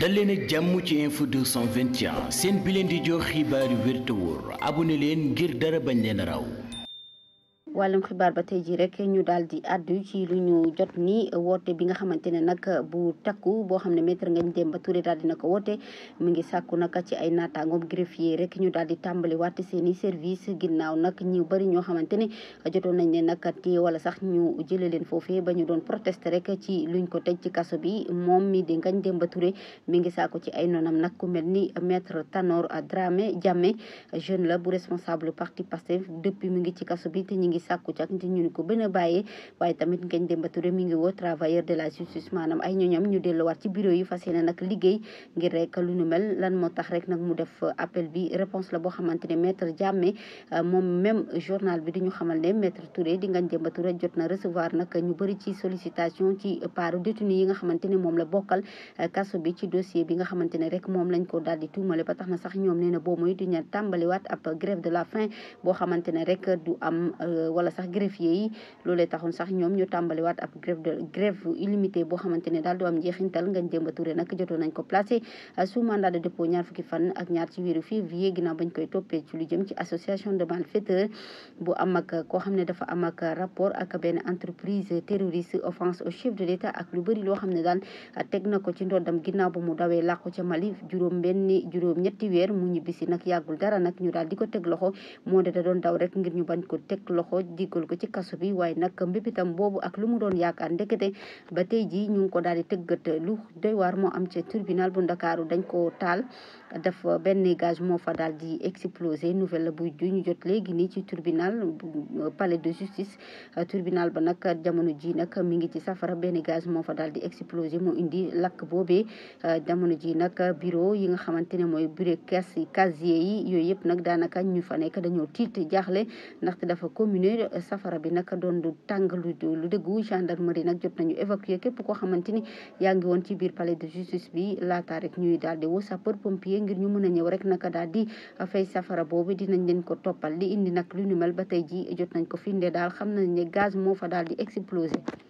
dal leen ak jàmm ci info 221 seen bi leen di jox xibaaru yu wér te leen ngir dara bañ leen raw wàllum xibaar ba tey jii rek ñu daal di addu ci lu ñu jot ni woote bi nga xamante ne nag bu takku boo xam ne maître Ngagne Demba Touré daal dina ko woote mu ngi sàkku nag ci ay naataangoom greffier rek ñu daal di tàmbali seen i service ginnaaw nag ñu bëri ñoo xamante ne jotoon nañ ne nag téye wala sax ñu jëlee leen foofee ba ñu doon protester rek ci luñ ko tëj ci kaso bi moom mi di Ngagne Demba Touré mi ngi sàkku ci ay noonam nag ku mel ni maître Tanor Dramé Diamé jeune la bu responsable parti Pastef depuis mu ngi ci kaso bi te ñu ngi sàkku ci ak nit ñu ko bën a bàyyee waaye tamit ngañ Demba Touré mi ngi woo travailleur de la justice maanaam ay ñoñam ñu delluwaat ci bureau yi fas yéene nag liggéey ngir rek lu nu mel lan moo tax rek nag mu def appel bi réponse la boo xamante ne maître Diamé euh, moom même journal bi di ñu xamal ne maître Touré di ngañ Demba Touré jot na recevoir nag ñu bëri ci sollicitation ci part détenu yi nga xamante ne moom la bokkal euh, kaso bi ci dossier bi nga xamante ne rek moom lañ ko daal tuumale ba tax na sax ñoom nee wala sax greffier yi loolee taxoon sax ñoom ñu tàmbaliwaat ab grève de grève illimité boo xamante ne daal du am njeexintal Ngagne Demba Touré nag jotoon nañ ko placé sous mandat de dépôt ñaar fukki fan ak ñaar ci wéeru février ginnaaw bañ koy toppee ci lu jëm ci association de malfaiteurs bu am ak koo xam ne dafa am ak rapport ak benn entreprise terroriste offense au chef de l'État ak lu bari loo xam ne daal teg na ko ci ndoddam ginnaaw ba mu dawee làqu ca Mali juróom benn juróom ñetti weer mu ñibbisi nag yàggul dara nag ñu daal di ko teg loxo moo de da tëj diggal ko ci kaso bi waaye nag mbébitam boobu ak lu mu doon yaakaar ndekete ba tey ji ñu ngi ko daal di tëggat lu doy waar moo am ci tribunal bu ndakaaru dañ ko taal def benn gaz moo fa daal di explosé nouvelle buy ju ñu jot léegi nii ci tribunal euh, palais de justice tribunal ba nag jamono ji nag mi ngi ci safara benn gaz moo fa daal di explosé moo indi lakk boobee euh, jamono ji nag bureau yi nga xamante ne mooy bureau casier yi yooyu yëpp nag daanaka ñu fa nekk dañoo tiit jaaxle ndaxte dafa communé safara bi nag doon du tàng lu lu déggu gendarmerie nag jot nañu évacuer képp koo xamante ni yaa ngi woon ci biir palais de justice bi laata rek ñuy daal di woo sapeur pompier ngir ñu mën a ñëw rek naka daal di fay safara boobu dinañ leen ko toppal di indi nag lu ñu mel ba tey ji jot nañ ko finde daal xam nañ ne gaz moo fa daal di exploser